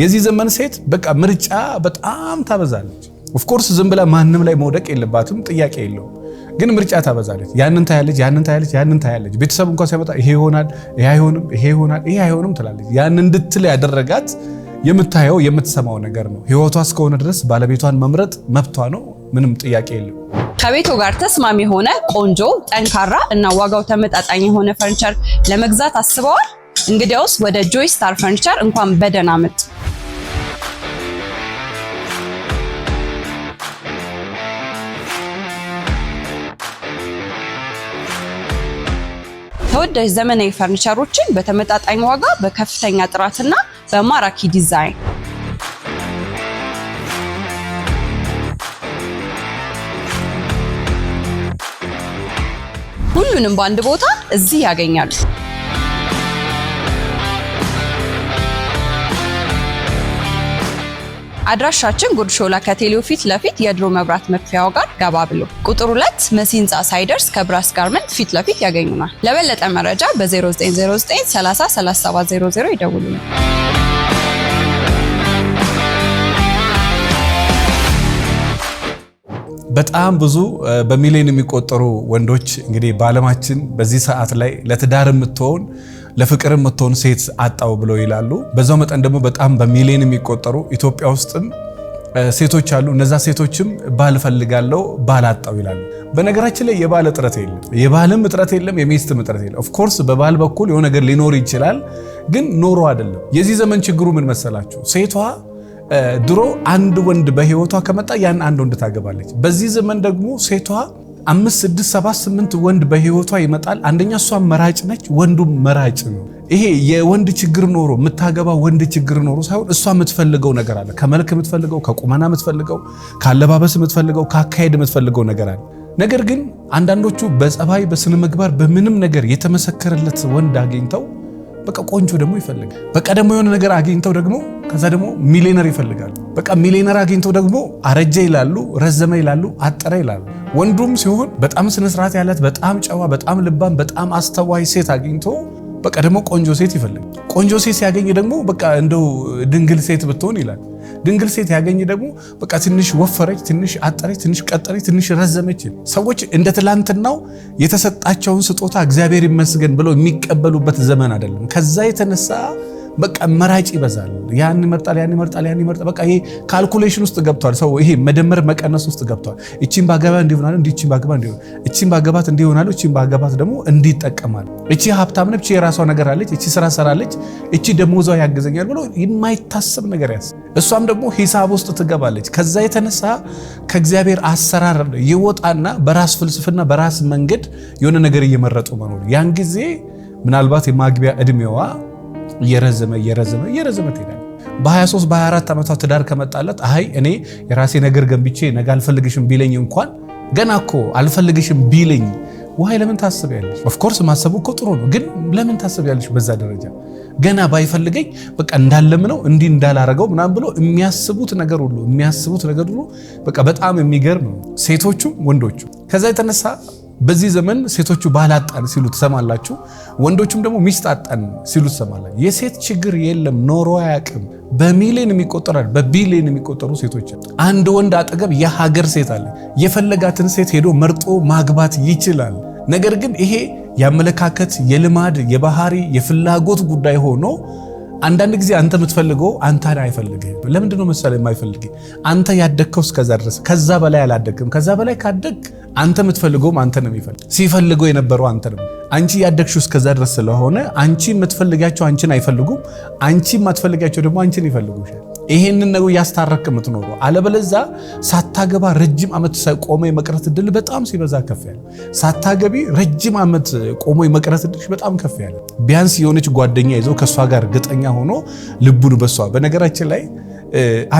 የዚህ ዘመን ሴት በቃ ምርጫ በጣም ታበዛለች። ኦፍኮርስ ዝም ብላ ማንም ላይ መውደቅ የለባትም፣ ጥያቄ የለውም። ግን ምርጫ ታበዛለች። ያንን ታያለች፣ ያንን ታያለች፣ ያንን ታያለች። ቤተሰብ እንኳ ሲያመጣ ይሄ ይሆናል፣ ይሄ አይሆንም፣ ይሄ ይሆናል፣ ይሄ አይሆንም ትላለች። ያን እንድትል ያደረጋት የምታየው የምትሰማው ነገር ነው። ህይወቷ እስከሆነ ድረስ ባለቤቷን መምረጥ መብቷ ነው። ምንም ጥያቄ የለም። ከቤቱ ጋር ተስማሚ የሆነ ቆንጆ፣ ጠንካራ እና ዋጋው ተመጣጣኝ የሆነ ፈርኒቸር ለመግዛት አስበዋል? እንግዲያውስ ወደ ጆይ ስታር ፈርኒቸር እንኳን በደህና መጡ። ተወዳጅ ዘመናዊ ፈርኒቸሮችን በተመጣጣኝ ዋጋ በከፍተኛ ጥራትና በማራኪ ዲዛይን ሁሉንም በአንድ ቦታ እዚህ ያገኛሉ። አድራሻችን ጉድሾላ ከቴሌው ፊት ለፊት የድሮ መብራት መፍያው ጋር ገባ ብሎ ቁጥር ሁለት መሲ ህንፃ ሳይደርስ ከብራስ ጋርመንት ፊት ለፊት ያገኙናል። ለበለጠ መረጃ በ0909 30 ይደውሉናል። በጣም ብዙ በሚሊዮን የሚቆጠሩ ወንዶች እንግዲህ በዓለማችን በዚህ ሰዓት ላይ ለትዳር የምትሆን ለፍቅር የምትሆን ሴት አጣው ብለው ይላሉ። በዛው መጠን ደግሞ በጣም በሚሊዮን የሚቆጠሩ ኢትዮጵያ ውስጥም ሴቶች አሉ። እነዛ ሴቶችም ባል ፈልጋለው ባል አጣው ይላሉ። በነገራችን ላይ የባል እጥረት የለም፣ የባልም እጥረት የለም፣ የሚስትም እጥረት የለም። ኦፍኮርስ በባል በኩል የሆነ ነገር ሊኖር ይችላል፣ ግን ኖሮ አይደለም። የዚህ ዘመን ችግሩ ምን መሰላችሁ? ሴቷ ድሮ አንድ ወንድ በህይወቷ ከመጣ ያን አንድ ወንድ ታገባለች። በዚህ ዘመን ደግሞ ሴቷ አምስት ስድስት ሰባት ስምንት ወንድ በህይወቷ ይመጣል። አንደኛ እሷ መራጭ ነች፣ ወንዱም መራጭ ነው። ይሄ የወንድ ችግር ኖሮ የምታገባ ወንድ ችግር ኖሮ ሳይሆን እሷ የምትፈልገው ነገር አለ። ከመልክ የምትፈልገው፣ ከቁመና የምትፈልገው፣ ከአለባበስ የምትፈልገው፣ ከአካሄድ የምትፈልገው ነገር አለ። ነገር ግን አንዳንዶቹ በጸባይ በስነ ምግባር በምንም ነገር የተመሰከረለት ወንድ አግኝተው በቃ ቆንጆ ደግሞ ይፈልጋል። በቃ ደግሞ የሆነ ነገር አግኝተው ደግሞ ከዛ ደግሞ ሚሊነር ይፈልጋሉ። በቃ ሚሊነር አግኝተው ደግሞ አረጀ ይላሉ፣ ረዘመ ይላሉ፣ አጠረ ይላሉ። ወንዱም ሲሆን በጣም ስነስርዓት ያላት በጣም ጨዋ፣ በጣም ልባም፣ በጣም አስተዋይ ሴት አግኝቶ በቃ ደግሞ ቆንጆ ሴት ይፈልግ። ቆንጆ ሴት ሲያገኝ ደግሞ በቃ እንደው ድንግል ሴት ብትሆን ይላል። ድንግል ሴት ያገኝ ደግሞ በቃ ትንሽ ወፈረች፣ ትንሽ አጠረች፣ ትንሽ ቀጠረች፣ ትንሽ ረዘመች። ሰዎች እንደ ትላንትናው የተሰጣቸውን ስጦታ እግዚአብሔር ይመስገን ብለው የሚቀበሉበት ዘመን አይደለም። ከዛ የተነሳ በቃ መራጭ ይበዛል። ያን ይመርጣል፣ ያን ይመርጣል፣ ያን ይመርጣል። በቃ ይሄ ካልኩሌሽን ውስጥ ገብቷል ሰው። ይሄ መደመር መቀነስ ውስጥ ገብቷል። እቺን ባገባ እንዲሆናል፣ እንዲ እቺን ባገባ እንዲሆናል፣ እቺን ባገባት እንዲሆናል፣ እቺን ባገባት ደግሞ እንዲጠቀማል። እቺ ሀብታም ነች፣ እቺ የራሷ ነገር አለች፣ እቺ ስራ ሰራለች፣ እቺ ደሞዟ ያገዘኛል ብሎ የማይታሰብ ነገር ያስ እሷም ደግሞ ሂሳብ ውስጥ ትገባለች። ከዛ የተነሳ ከእግዚአብሔር አሰራር ይወጣና በራስ ፍልስፍና በራስ መንገድ የሆነ ነገር እየመረጡ መኖር ያን ጊዜ ምናልባት የማግቢያ እድሜዋ እየረዘመ እየረዘመ እየረዘመ ትሄዳል። በ23 በ24 ዓመቷ ትዳር ከመጣለት አይ እኔ የራሴ ነገር ገንብቼ ነገ አልፈልግሽም ቢለኝ እንኳን ገና እኮ አልፈልግሽም ቢለኝ ውሃይ ለምን ታስቢያለሽ? ኦፍኮርስ ማሰቡ እኮ ጥሩ ነው፣ ግን ለምን ታስቢያለሽ? በዛ ደረጃ ገና ባይፈልገኝ በቃ እንዳለምነው እንዲህ እንዳላረገው ምናምን ብሎ የሚያስቡት ነገር ሁሉ የሚያስቡት ነገር ሁሉ በቃ በጣም የሚገርም ነው። ሴቶቹም ወንዶቹ ከዛ የተነሳ በዚህ ዘመን ሴቶቹ ባላጣን ሲሉ ትሰማላችሁ። ወንዶቹም ደግሞ ሚስጣጣን ሲሉ ትሰማላችሁ። የሴት ችግር የለም ኖሮ አያውቅም። በሚሊዮን የሚቆጠራል፣ በቢሊዮን የሚቆጠሩ ሴቶች። አንድ ወንድ አጠገብ የሀገር ሴት አለ። የፈለጋትን ሴት ሄዶ መርጦ ማግባት ይችላል። ነገር ግን ይሄ የአመለካከት የልማድ የባህሪ የፍላጎት ጉዳይ ሆኖ አንዳንድ ጊዜ አንተ የምትፈልገው አንተ አይፈልግህም። ለምንድን ነው መሰለህ የማይፈልግ? አንተ ያደግከው እስከዛ ድረስ ከዛ በላይ አላደግም ከዛ በላይ ካደግ አንተ የምትፈልገውም አንተ ነው የሚፈልግ። ሲፈልገው የነበረው አንተ ነው። አንቺ ያደግሽው እስከዛ ድረስ ስለሆነ አንቺ የምትፈልጋቸው አንቺን አይፈልጉም፣ አንቺ የማትፈልጋቸው ደግሞ አንቺን ይፈልጉሻል። ይሄንን ነው እያስታረክ የምትኖሩ። አለበለዛ ሳታገባ ረጅም ዓመት ቆሞ የመቅረት እድል በጣም ሲበዛ ከፍ ያለ፣ ሳታገቢ ረጅም ዓመት ቆሞ የመቅረት እድል በጣም ከፍ ያለ። ቢያንስ የሆነች ጓደኛ ይዞ ከእሷ ጋር እርግጠኛ ሆኖ ልቡን በሷ። በነገራችን ላይ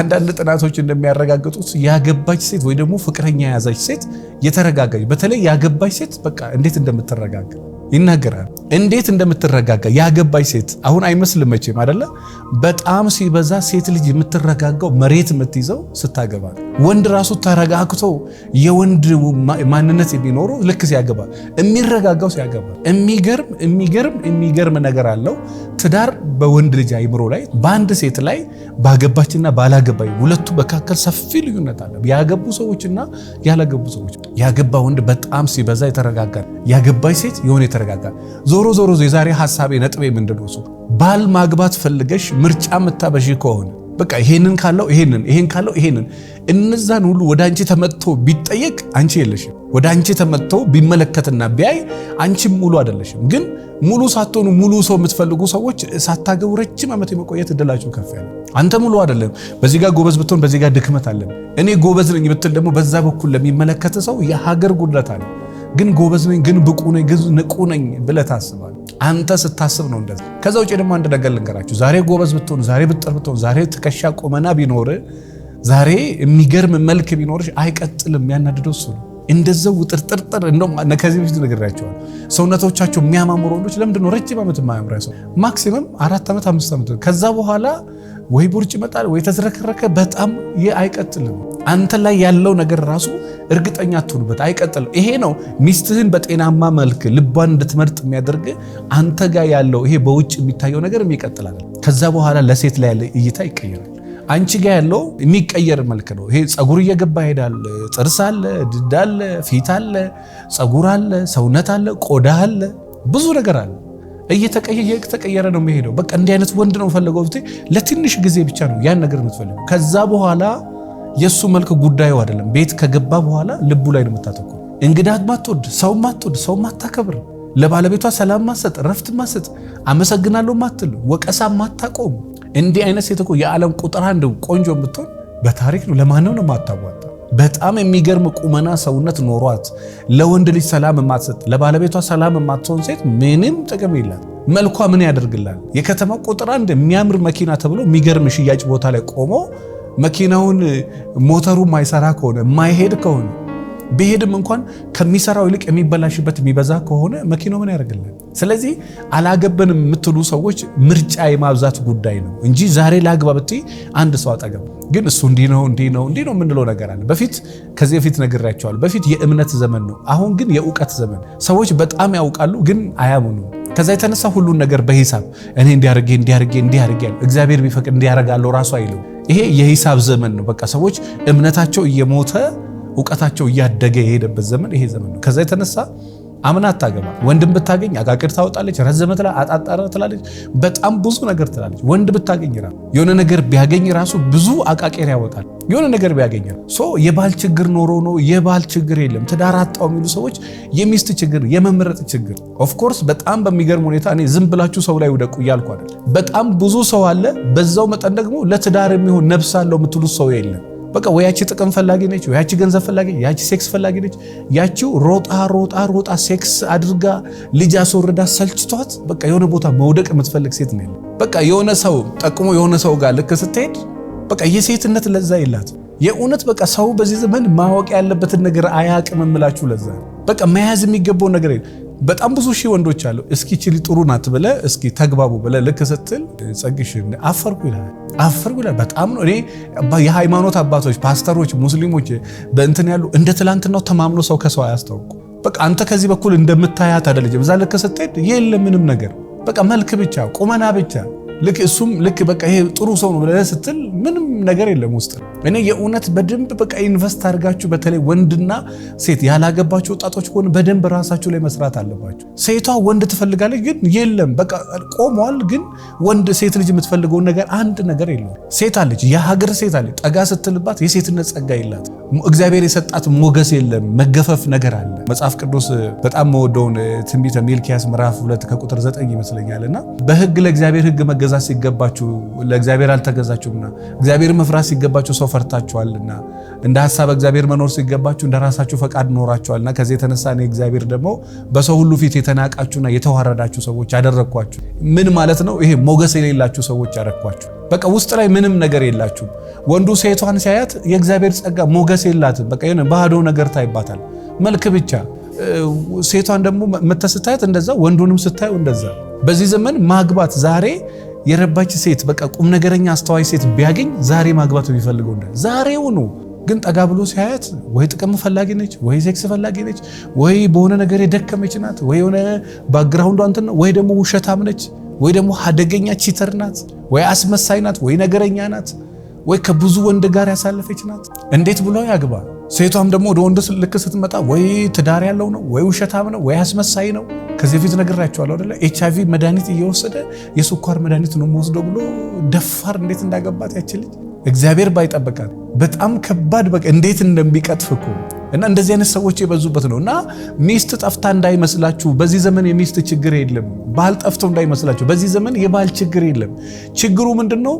አንዳንድ ጥናቶች እንደሚያረጋግጡት ያገባች ሴት ወይ ደግሞ ፍቅረኛ የያዛች ሴት የተረጋጋች፣ በተለይ ያገባች ሴት በቃ እንዴት እንደምትረጋጋ ይናገራል። እንዴት እንደምትረጋጋ ያገባች ሴት አሁን አይመስልም መቼም አይደለ? በጣም ሲበዛ ሴት ልጅ የምትረጋጋው መሬት የምትይዘው ስታገባ ነው። ወንድ ራሱ ተረጋግቶ የወንድ ማንነት የሚኖረው ልክ ሲያገባ የሚረጋጋው ሲያገባ። የሚገርም የሚገርም የሚገርም ነገር አለው። ትዳር በወንድ ልጅ አይምሮ ላይ በአንድ ሴት ላይ ባገባችና ባላገባች ሁለቱ መካከል ሰፊ ልዩነት አለ። ያገቡ ሰዎችና ያላገቡ ሰዎች። ያገባ ወንድ በጣም ሲበዛ የተረጋጋ፣ ያገባች ሴት የሆነ የተረጋጋ። ዞሮ ዞሮ የዛሬ ሀሳቤ ነጥቤ ምንድን ነው? ባል ማግባት ፈልገሽ ምርጫ የምታበዢ ከሆነ በቃ ይሄንን ካለው ይሄንን ይሄን ካለው ይሄንን እነዛን ሁሉ ወደ አንቺ ተመጥቶ ቢጠየቅ አንቺ የለሽም። ወደ አንቺ ተመጥቶ ቢመለከትና ቢያይ አንቺም ሙሉ አይደለሽም። ግን ሙሉ ሳትሆኑ ሙሉ ሰው የምትፈልጉ ሰዎች ሳታገቡ ረጅም ዓመት የመቆየት እድላችሁ ከፍ ያለ። አንተ ሙሉ አይደለም። በዚህ ጋር ጎበዝ ብትሆን በዚህ ጋር ድክመት አለን። እኔ ጎበዝ ነኝ ብትል ደግሞ በዛ በኩል ለሚመለከት ሰው የሀገር ጉድለት አለ። ግን ጎበዝ ነኝ፣ ግን ብቁ ነኝ፣ ግን ንቁ ነኝ ብለህ ታስባለህ። አንተ ስታስብ ነው እንደዚህ። ከዛ ውጭ ደግሞ አንድ ነገር ልንገራችሁ። ዛሬ ጎበዝ ብትሆን፣ ዛሬ ብጥር ብትሆን፣ ዛሬ ትከሻ ቁመና ቢኖር፣ ዛሬ የሚገርም መልክ ቢኖርሽ አይቀጥልም። የሚያናድደው እሱ ነው። እንደዛው ውጥርጥርጥር እንደ ከዚህ በፊት ነግራቸዋል። ሰውነቶቻቸው የሚያማምሩ ወንዶች ለምንድን ነው ረጅም ዓመት የማያምራ ሰው ማክሲመም አራት ዓመት አምስት ዓመት ከዛ በኋላ ወይ ቦርጭ ይመጣል ወይ ተዝረከረከ በጣም ይህ አይቀጥልም። አንተ ላይ ያለው ነገር ራሱ እርግጠኛ ትሁንበት፣ አይቀጥልም። ይሄ ነው ሚስትህን በጤናማ መልክ ልቧን እንድትመርጥ የሚያደርግ አንተ ጋር ያለው ይሄ በውጭ የሚታየው ነገር ይቀጥላል። ከዛ በኋላ ለሴት ላይ ያለ እይታ ይቀየራል። አንቺ ጋር ያለው የሚቀየር መልክ ነው። ይሄ ፀጉር እየገባ ይሄዳል። ጥርስ አለ፣ ድድ አለ፣ ፊት አለ፣ ፀጉር አለ፣ ሰውነት አለ፣ ቆዳ አለ፣ ብዙ ነገር አለ። እየተቀየረ ነው የሚሄደው። በቃ እንዲህ አይነት ወንድ ነው ፈለገው። ለትንሽ ጊዜ ብቻ ነው ያን ነገር የምትፈልገው ከዛ በኋላ የእሱ መልክ ጉዳዩ አይደለም። ቤት ከገባ በኋላ ልቡ ላይ ነው የምታተኩር። እንግዳ ማትወድ ሰው ማትወድ ሰው ማታከብር ለባለቤቷ ሰላም ማሰጥ ረፍት ማሰጥ አመሰግናለሁ ማትል ወቀሳ ማታቆም እንዲህ አይነት ሴት እኮ የዓለም ቁጥር አንድ ቆንጆ የምትሆን በታሪክ ነው። ለማንም ነው የማታዋጣ። በጣም የሚገርም ቁመና ሰውነት ኖሯት ለወንድ ልጅ ሰላም ማትሰጥ ለባለቤቷ ሰላም የማትሆን ሴት ምንም ጥቅም የላት። መልኳ ምን ያደርግላል? የከተማ ቁጥር አንድ የሚያምር መኪና ተብሎ የሚገርም ሽያጭ ቦታ ላይ ቆሞ መኪናውን ሞተሩ ማይሰራ ከሆነ ማይሄድ ከሆነ ብሄድም እንኳን ከሚሰራው ይልቅ የሚበላሽበት የሚበዛ ከሆነ መኪናው ምን ያደርግልን? ስለዚህ አላገበንም የምትሉ ሰዎች ምርጫ የማብዛት ጉዳይ ነው እንጂ ዛሬ ላግባ ብትይ አንድ ሰው አጠገብ ግን እሱ እንዲህ ነው እንዲህ ነው እንዲህ ነው የምንለው ነገር አለ። በፊት ከዚህ በፊት ነግሬያቸዋለሁ። በፊት የእምነት ዘመን ነው፣ አሁን ግን የእውቀት ዘመን። ሰዎች በጣም ያውቃሉ፣ ግን አያምኑም። ከዛ የተነሳ ሁሉን ነገር በሂሳብ እኔ እንዲያርጌ እንዲያርጌ እንዲያርጌ እግዚአብሔር ቢፈቅድ እንዲያረጋለው ራሱ አይለው። ይሄ የሂሳብ ዘመን ነው። በቃ ሰዎች እምነታቸው እየሞተ እውቀታቸው እያደገ የሄደበት ዘመን ይሄ ዘመን ነው። ከዛ የተነሳ አምና አታገባ ወንድም ብታገኝ አቃቅድ ታወጣለች፣ ረዘመ ትላ አጣጣረ ትላለች፣ በጣም ብዙ ነገር ትላለች። ወንድ ብታገኝ ራ የሆነ ነገር ቢያገኝ ራሱ ብዙ አቃቄር ያወጣል። የሆነ ነገር ቢያገኝ ሶ የባል ችግር ኖሮ ነው የባል ችግር የለም ትዳር አጣው የሚሉ ሰዎች የሚስት ችግር የመምረጥ ችግር። ኦፍኮርስ በጣም በሚገርም ሁኔታ እኔ ዝም ብላችሁ ሰው ላይ ውደቁ እያልኩ አይደል። በጣም ብዙ ሰው አለ። በዛው መጠን ደግሞ ለትዳር የሚሆን ነብስ አለው የምትሉት ሰው የለም። በቃ ወያቺ ጥቅም ፈላጊ ነች፣ ወያቺ ገንዘብ ፈላጊ፣ ያቺ ሴክስ ፈላጊ ነች። ያቺው ሮጣ ሮጣ ሮጣ ሴክስ አድርጋ ልጅ አስወርዳ ሰልችቷት በቃ የሆነ ቦታ መውደቅ የምትፈልግ ሴት ነው። በቃ የሆነ ሰው ጠቅሞ የሆነ ሰው ጋር ልክ ስትሄድ በቃ የሴትነት ለዛ የላት። የእውነት በቃ ሰው በዚህ ዘመን ማወቅ ያለበትን ነገር አያቅም ምላችሁ ለዛ በቃ መያዝ የሚገባው ነገር በጣም ብዙ ሺህ ወንዶች አሉ። እስኪ ችሊ ጥሩ ናት ብለ እስኪ ተግባቡ ብለ ልክ ስትል ጸግሽ አፈርኩ ይላል አፈርኩ ይላል። በጣም ነው እኔ የሃይማኖት አባቶች፣ ፓስተሮች፣ ሙስሊሞች በእንትን ያሉ እንደ ትላንትናው ተማምኖ ሰው ከሰው አያስታውቁ። በቃ አንተ ከዚህ በኩል እንደምታያት አደለጅ በዛ ልክ ስትሄድ የለም ምንም ነገር በቃ መልክ ብቻ ቁመና ብቻ ልክ እሱም ልክ በቃ ይሄ ጥሩ ሰው ነው ብለህ ስትል ምንም ነገር የለም ውስጥ። እኔ የእውነት በደንብ በቃ ኢንቨስት አድርጋችሁ በተለይ ወንድና ሴት ያላገባችሁ ወጣቶች ከሆነ በደንብ ራሳችሁ ላይ መስራት አለባችሁ። ሴቷ ወንድ ትፈልጋለች፣ ግን የለም በቃ ቆሟል። ግን ወንድ ሴት ልጅ የምትፈልገውን ነገር አንድ ነገር የለም። ሴት አለች፣ የሀገር ሴት አለች። ጠጋ ስትልባት የሴትነት ጸጋ የላት እግዚአብሔር የሰጣት ሞገስ የለም። መገፈፍ ነገር አለ። መጽሐፍ ቅዱስ በጣም መወደውን ትንቢተ ሚልኪያስ ምዕራፍ ሁለት ከቁጥር ዘጠኝ ይመስለኛል እና በህግ ለእግዚአብሔር ህግ መገ መገዛት ሲገባችሁ ለእግዚአብሔር አልተገዛችሁምና፣ እግዚአብሔር መፍራት ሲገባችሁ ሰው ፈርታችኋልና፣ እንደ ሀሳብ እግዚአብሔር መኖር ሲገባችሁ እንደ ራሳችሁ ፈቃድ ኖራችኋልና፣ ከዚህ የተነሳ እኔ እግዚአብሔር ደግሞ በሰው ሁሉ ፊት የተናቃችሁና የተዋረዳችሁ ሰዎች አደረግኳችሁ። ምን ማለት ነው? ይሄ ሞገስ የሌላችሁ ሰዎች ያረግኳችሁ። በቃ ውስጥ ላይ ምንም ነገር የላችሁም። ወንዱ ሴቷን ሲያያት የእግዚአብሔር ጸጋ ሞገስ የላትም። በቃ የሆነ ባህዶ ነገር ታይባታል፣ መልክ ብቻ። ሴቷን ደግሞ መተስታየት እንደዛ፣ ወንዱንም ስታየው እንደዛ። በዚህ ዘመን ማግባት ዛሬ የረባች ሴት በቃ ቁም ነገረኛ አስተዋይ ሴት ቢያገኝ ዛሬ ማግባት የሚፈልገው እንደ ዛሬውኑ። ግን ጠጋ ብሎ ሲያያት ወይ ጥቅም ፈላጊ ነች፣ ወይ ሴክስ ፈላጊ ነች፣ ወይ በሆነ ነገር የደከመች ናት፣ ወይ የሆነ ባግራውንዷ እንትን ነው፣ ወይ ደግሞ ውሸታም ነች፣ ወይ ደግሞ አደገኛ ቺተር ናት፣ ወይ አስመሳይ ናት፣ ወይ ነገረኛ ናት፣ ወይ ከብዙ ወንድ ጋር ያሳለፈች ናት። እንዴት ብሎ ያግባ? ሴቷም ደግሞ ወደ ወንድ ልክ ስትመጣ ወይ ትዳር ያለው ነው ወይ ውሸታም ነው ወይ አስመሳይ ነው። ከዚህ በፊት ነግራችኋለሁ አይደለ? ኤች አይቪ መድኃኒት እየወሰደ የስኳር መድኃኒት ነው መወስደው ብሎ ደፋር እንዴት እንዳገባት ያች ልጅ እግዚአብሔር ባይጠበቃት በጣም ከባድ በቃ እንዴት እንደሚቀጥፍ እኮ እና እንደዚህ አይነት ሰዎች የበዙበት ነው። እና ሚስት ጠፍታ እንዳይመስላችሁ። በዚህ ዘመን የሚስት ችግር የለም። ባል ጠፍቶ እንዳይመስላችሁ። በዚህ ዘመን የባል ችግር የለም። ችግሩ ምንድን ነው?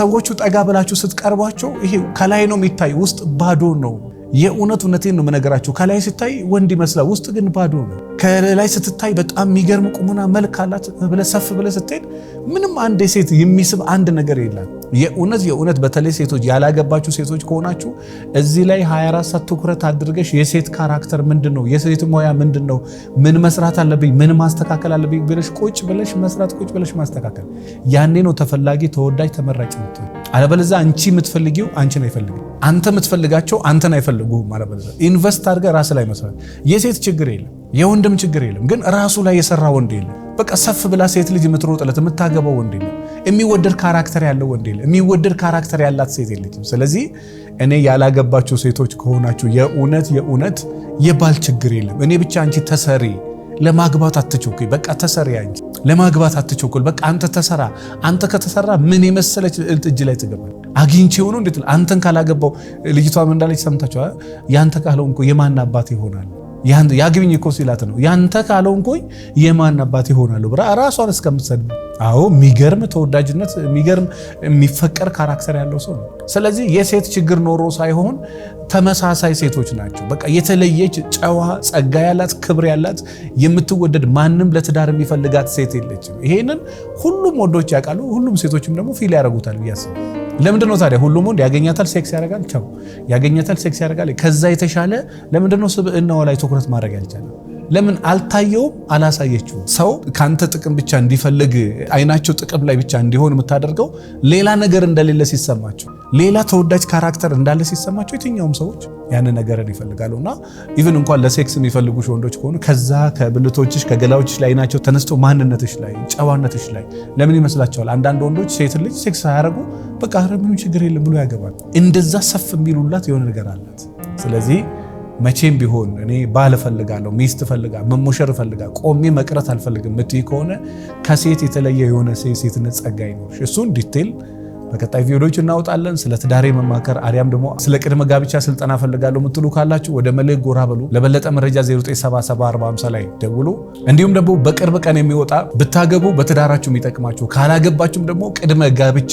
ሰዎቹ ጠጋ ብላችሁ ስትቀርቧቸው ይሄ ከላይ ነው የሚታይ፣ ውስጥ ባዶ ነው። የእውነት እውነቴን ነው የምነግራችሁ። ከላይ ስታይ ወንድ ይመስላል፣ ውስጥ ግን ባዶ ነው። ከላይ ስትታይ በጣም የሚገርም ቁሙና መልክ አላት ብለህ ሰፍ ብለህ ስትሄድ ምንም አንድ ሴት የሚስብ አንድ ነገር የላት። የእውነት የእውነት በተለይ ሴቶች ያላገባችሁ ሴቶች ከሆናችሁ እዚህ ላይ 24 ሰዓት ትኩረት አድርገሽ የሴት ካራክተር ምንድን ነው፣ የሴት ሙያ ምንድን ነው፣ ምን መስራት አለብኝ፣ ምን ማስተካከል አለብኝ ብለሽ ቁጭ ብለሽ መስራት ቁጭ ብለሽ ማስተካከል፣ ያኔ ነው ተፈላጊ ተወዳጅ ተመራጭ ምትሆን አለበለዛ አንቺ የምትፈልጊው አንቺን አይፈልግም፣ አንተ የምትፈልጋቸው አንተን አይፈልጉም። አለበለዛ ኢንቨስት አድርገ ራስ ላይ መስራት። የሴት ችግር የለም፣ የወንድም ችግር የለም፣ ግን ራሱ ላይ የሰራ ወንድ የለም። በቃ ሰፍ ብላ ሴት ልጅ የምትሮጥለት የምታገባው ወንድ የለም። የሚወደድ ካራክተር ያለው ወንድ የለም። የሚወደድ ካራክተር ያላት ሴት የለችም። ስለዚህ እኔ ያላገባችሁ ሴቶች ከሆናችሁ የእውነት የእውነት የባል ችግር የለም። እኔ ብቻ አንቺ ተሰሪ ለማግባት አትችኩኝ። በቃ ተሰሪ አንቺ ለማግባት አትቸኮል። በቃ አንተ ተሰራ። አንተ ከተሰራ ምን የመሰለች እጅ ላይ ትገባል። አግኝቼ ሆኖ እንዴት አንተን ካላገባው ልጅቷም እንዳለች ሰምታችኋል። ያንተ ካልሆንኩ የማን አባት ይሆናል? ያግብኝ እኮ ሲላት ነው ያንተ ካልሆንኩ የማን አባት ይሆናሉ ብራ ራሷን እስከምትሰድብ አዎ የሚገርም ተወዳጅነት የሚገርም የሚፈቀር ካራክተር ያለው ሰው ነው። ስለዚህ የሴት ችግር ኖሮ ሳይሆን ተመሳሳይ ሴቶች ናቸው። በቃ የተለየች ጨዋ ጸጋ ያላት ክብር ያላት የምትወደድ ማንም ለትዳር የሚፈልጋት ሴት የለችም። ይሄንን ሁሉም ወንዶች ያውቃሉ፣ ሁሉም ሴቶችም ደግሞ ፊል ያደርጉታል ብዬ አስባለሁ። ለምንድን ነው ታዲያ ሁሉም ወንድ ያገኛታል ሴክስ ያደርጋል፣ ተው ያገኛታል ሴክስ ያደርጋል። ከዛ የተሻለ ለምንድን ነው ስብዕናዋ ላይ ትኩረት ማድረግ ያልቻለ? ለምን አልታየውም? አላሳየችው። ሰው ከአንተ ጥቅም ብቻ እንዲፈልግ አይናቸው ጥቅም ላይ ብቻ እንዲሆን የምታደርገው ሌላ ነገር እንደሌለ ሲሰማቸው፣ ሌላ ተወዳጅ ካራክተር እንዳለ ሲሰማቸው የትኛውም ሰዎች ያንን ነገርን ይፈልጋሉ እና ኢቨን እንኳን ለሴክስ የሚፈልጉሽ ወንዶች ከሆኑ ከዛ ከብልቶችሽ ከገላዎችሽ ላይ አይናቸው ተነስቶ ማንነትሽ ላይ ጨዋነትሽ ላይ ለምን ይመስላቸዋል? አንዳንድ ወንዶች ሴት ልጅ ሴክስ ሳያደርጉ በቃ ምንም ችግር የለም ብሎ ያገባል። እንደዛ ሰፍ የሚሉላት የሆነ ነገር አላት። ስለዚህ መቼም ቢሆን እኔ ባል እፈልጋለሁ፣ ሚስት እፈልጋ፣ መሞሸር እፈልጋ፣ ቆሜ መቅረት አልፈልግም ምትይ ከሆነ ከሴት የተለየ የሆነ ሴትነት ጸጋ ይኖርሽ እሱን ዲቴል በቀጣይ ቪዲዮዎች እናወጣለን። ስለ ትዳሬ መማከር አሊያም ደግሞ ስለ ቅድመ ጋብቻ ስልጠና ፈልጋለሁ የምትሉ ካላችሁ ወደ መልሕቅ ጎራ በሉ። ለበለጠ መረጃ 0974 ላይ ደውሉ። እንዲሁም ደግሞ በቅርብ ቀን የሚወጣ ብታገቡ በትዳራችሁ የሚጠቅማችሁ ካላገባችሁም ደግሞ ቅድመ ጋብቻ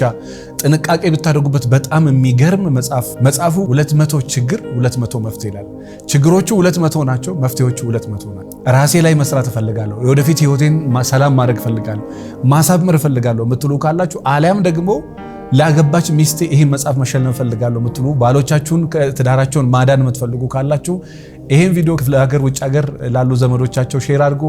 ጥንቃቄ ብታደርጉበት በጣም የሚገርም መጽሐፍ መጽሐፉ 200 ችግር 200 መፍትሄ ይላል። ችግሮቹ 200 ናቸው፣ መፍትሄዎቹ 200 ናቸው። ራሴ ላይ መስራት እፈልጋለሁ፣ የወደፊት ህይወቴን ሰላም ማድረግ እፈልጋለሁ፣ ማሳመር እፈልጋለሁ የምትሉ ካላችሁ አሊያም ደግሞ ላገባች ሚስቴ ይህን መጽሐፍ መሸለም እፈልጋለሁ የምትሉ ባሎቻችሁን ትዳራቸውን ማዳን የምትፈልጉ ካላችሁ ይህን ቪዲዮ ክፍለ ሀገር፣ ውጭ ሀገር ላሉ ዘመዶቻቸው ሼር አድርጎ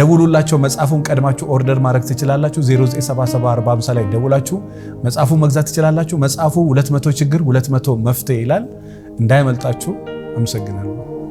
ደውሉላቸው። መጽሐፉን ቀድማችሁ ኦርደር ማድረግ ትችላላችሁ። 097745 ላይ ደውላችሁ መጽሐፉ መግዛት ትችላላችሁ። መጽሐፉ 200 ችግር 200 መፍትሄ ይላል። እንዳይመልጣችሁ። አመሰግናለሁ።